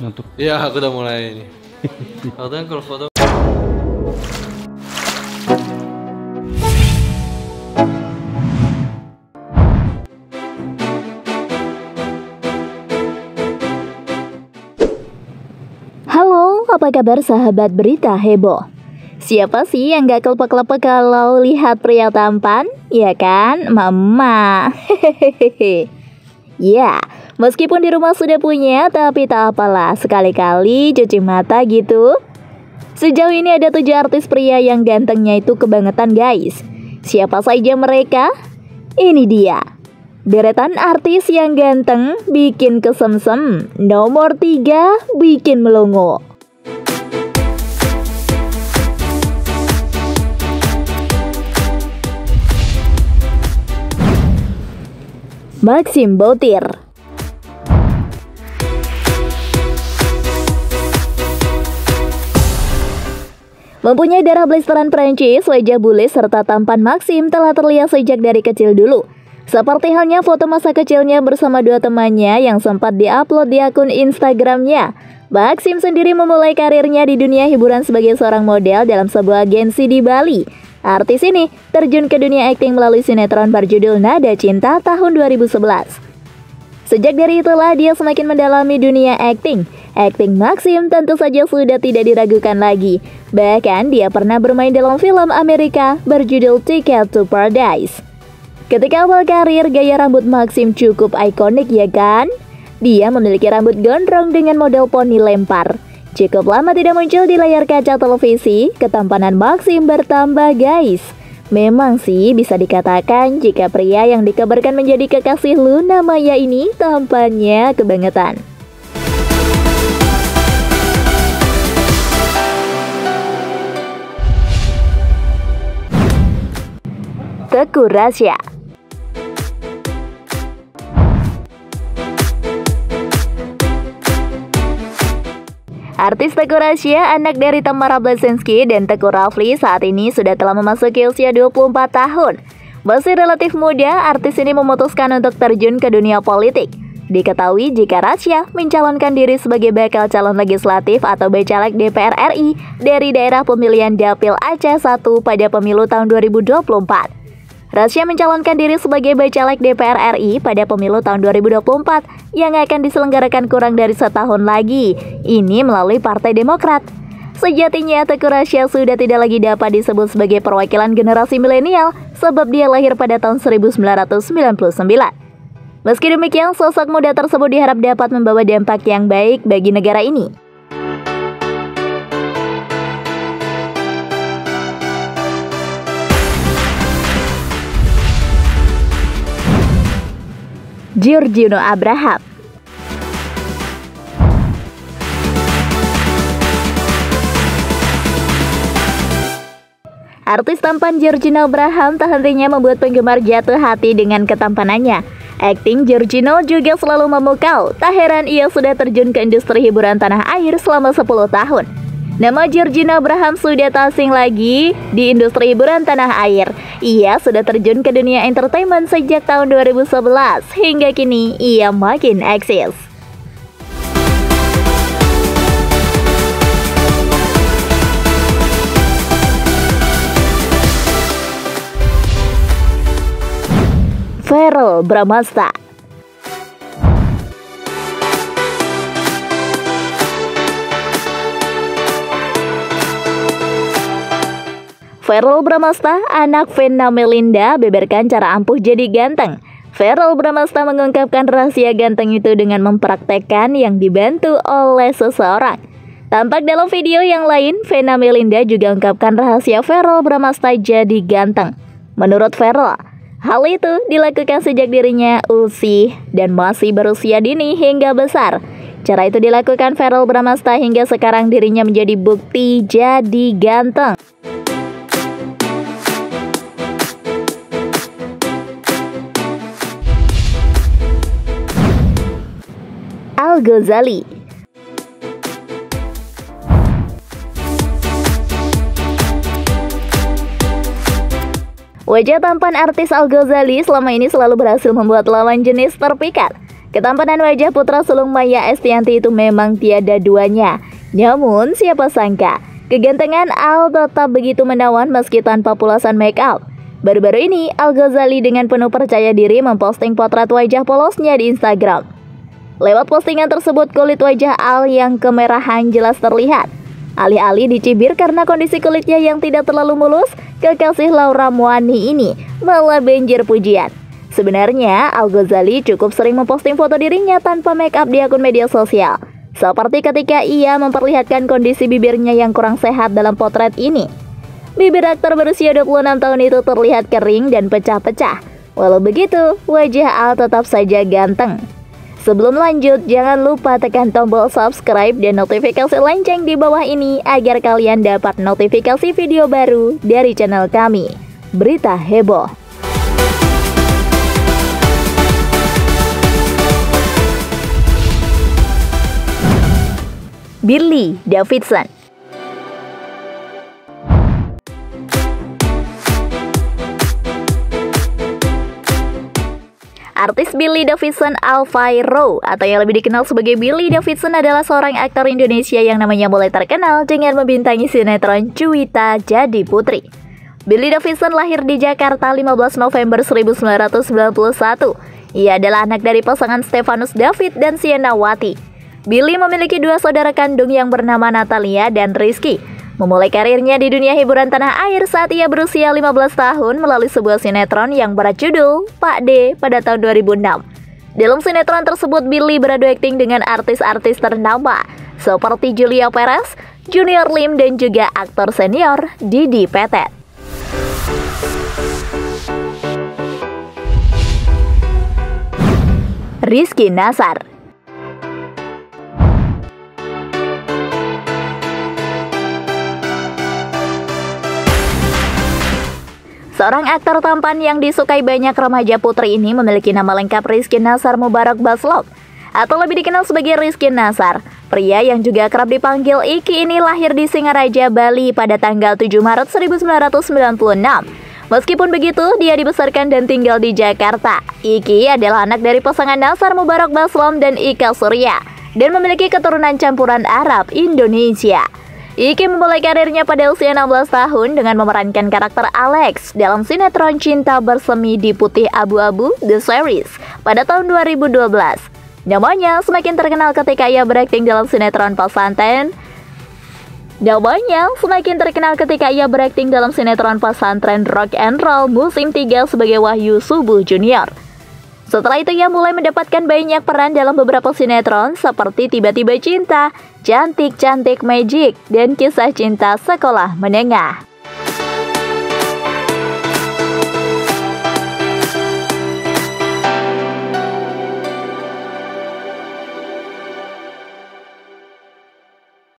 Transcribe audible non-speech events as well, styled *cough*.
Nutup. Ya, aku udah mulai ini. *laughs* Katanya kalau foto Halo, apa kabar sahabat berita heboh? Siapa sih yang gak kelepek-kelepek kalau lihat pria tampan? Ya kan, mama. Hehehehe. *laughs* ya, yeah. Meskipun di rumah sudah punya, tapi tak apalah, sekali-kali cuci mata gitu. Sejauh ini ada tujuh artis pria yang gantengnya itu kebangetan guys. Siapa saja mereka? Ini dia. Deretan artis yang ganteng bikin kesemsem. Nomor tiga bikin melongo. Maxim Bautir Mempunyai darah blisteran Perancis, wajah bule serta tampan Maxim telah terlihat sejak dari kecil dulu. Seperti halnya foto masa kecilnya bersama dua temannya yang sempat diupload di akun Instagramnya. Maxim sendiri memulai karirnya di dunia hiburan sebagai seorang model dalam sebuah agensi di Bali. Artis ini terjun ke dunia akting melalui sinetron berjudul Nada Cinta tahun 2011. Sejak dari itulah dia semakin mendalami dunia akting. Akting Maxim tentu saja sudah tidak diragukan lagi. Bahkan dia pernah bermain dalam film Amerika berjudul Ticket to Paradise. Ketika awal karir, gaya rambut Maxim cukup ikonik ya kan? Dia memiliki rambut gondrong dengan model poni lempar. Cukup lama tidak muncul di layar kaca televisi, ketampanan Maxim bertambah guys. Memang sih bisa dikatakan jika pria yang dikabarkan menjadi kekasih Luna Maya ini tampannya kebangetan. Teku Kurasia. Artis Teguh Rasya, anak dari Tamara Blasinski dan Teguh Rafli saat ini sudah telah memasuki usia 24 tahun. Masih relatif muda, artis ini memutuskan untuk terjun ke dunia politik. Diketahui jika Rasya mencalonkan diri sebagai bakal calon legislatif atau bacalek DPR RI dari daerah pemilihan Dapil Aceh 1 pada pemilu tahun 2024. Rasya mencalonkan diri sebagai bacalek DPR RI pada pemilu tahun 2024 yang akan diselenggarakan kurang dari setahun lagi. Ini melalui Partai Demokrat. Sejatinya Teguh Rasya sudah tidak lagi dapat disebut sebagai perwakilan generasi milenial sebab dia lahir pada tahun 1999. Meski demikian, sosok muda tersebut diharap dapat membawa dampak yang baik bagi negara ini. Giorgino Abraham. Artis tampan Giorgino Abraham tak hentinya membuat penggemar jatuh hati dengan ketampanannya. Akting Giorgino juga selalu memukau, tak heran ia sudah terjun ke industri hiburan tanah air selama 10 tahun. Nama Georgina Abraham sudah tasing lagi di industri hiburan tanah air. Ia sudah terjun ke dunia entertainment sejak tahun 2011 hingga kini ia makin eksis. Feral Bramasta Feral Bramasta, anak Vena Melinda, beberkan cara ampuh jadi ganteng. Feral Bramasta mengungkapkan rahasia ganteng itu dengan mempraktekkan yang dibantu oleh seseorang. Tampak dalam video yang lain, Vena Melinda juga ungkapkan rahasia Feral Bramasta jadi ganteng. Menurut Feral, hal itu dilakukan sejak dirinya usia dan masih berusia dini hingga besar. Cara itu dilakukan Feral Bramasta hingga sekarang dirinya menjadi bukti jadi ganteng. ghazali Wajah tampan artis Al-Ghazali selama ini selalu berhasil membuat lawan jenis terpikat. Ketampanan wajah putra sulung Maya Estianti itu memang tiada duanya. Namun, siapa sangka, kegantengan Al tetap begitu menawan meski tanpa pulasan make up. Baru-baru ini, Al Ghazali dengan penuh percaya diri memposting potret wajah polosnya di Instagram. Lewat postingan tersebut kulit wajah Al yang kemerahan jelas terlihat. Alih-alih dicibir karena kondisi kulitnya yang tidak terlalu mulus, kekasih Laura Muani ini malah banjir pujian. Sebenarnya, Al Ghazali cukup sering memposting foto dirinya tanpa make up di akun media sosial. Seperti ketika ia memperlihatkan kondisi bibirnya yang kurang sehat dalam potret ini. Bibir aktor berusia 26 tahun itu terlihat kering dan pecah-pecah. Walau begitu, wajah Al tetap saja ganteng. Sebelum lanjut, jangan lupa tekan tombol subscribe dan notifikasi lonceng di bawah ini agar kalian dapat notifikasi video baru dari channel kami. Berita heboh. Billy Davidson Artis Billy Davidson Alfairo atau yang lebih dikenal sebagai Billy Davidson adalah seorang aktor Indonesia yang namanya mulai terkenal dengan membintangi sinetron Cuita Jadi Putri. Billy Davidson lahir di Jakarta 15 November 1991. Ia adalah anak dari pasangan Stefanus David dan Sienna Wati. Billy memiliki dua saudara kandung yang bernama Natalia dan Rizky memulai karirnya di dunia hiburan tanah air saat ia berusia 15 tahun melalui sebuah sinetron yang berjudul Pak D pada tahun 2006. Dalam sinetron tersebut, Billy beradu akting dengan artis-artis ternama seperti Julia Perez, Junior Lim, dan juga aktor senior Didi Petet. Rizky Nasar Seorang aktor tampan yang disukai banyak remaja putri ini memiliki nama lengkap Rizky Nasar Mubarak Baslok atau lebih dikenal sebagai Rizky Nasar. Pria yang juga kerap dipanggil Iki ini lahir di Singaraja, Bali pada tanggal 7 Maret 1996. Meskipun begitu, dia dibesarkan dan tinggal di Jakarta. Iki adalah anak dari pasangan Nasar Mubarak Baslom dan Ika Surya dan memiliki keturunan campuran Arab Indonesia. Iki memulai karirnya pada usia 16 tahun dengan memerankan karakter Alex dalam sinetron Cinta Bersemi di Putih Abu-Abu The Series pada tahun 2012. Namanya semakin terkenal ketika ia berakting dalam sinetron Pesantren. Namanya semakin terkenal ketika ia berakting dalam sinetron Pesantren Rock and Roll musim 3 sebagai Wahyu Subuh Junior. Setelah itu ia mulai mendapatkan banyak peran dalam beberapa sinetron seperti Tiba-Tiba Cinta, Cantik Cantik Magic dan kisah cinta sekolah menengah.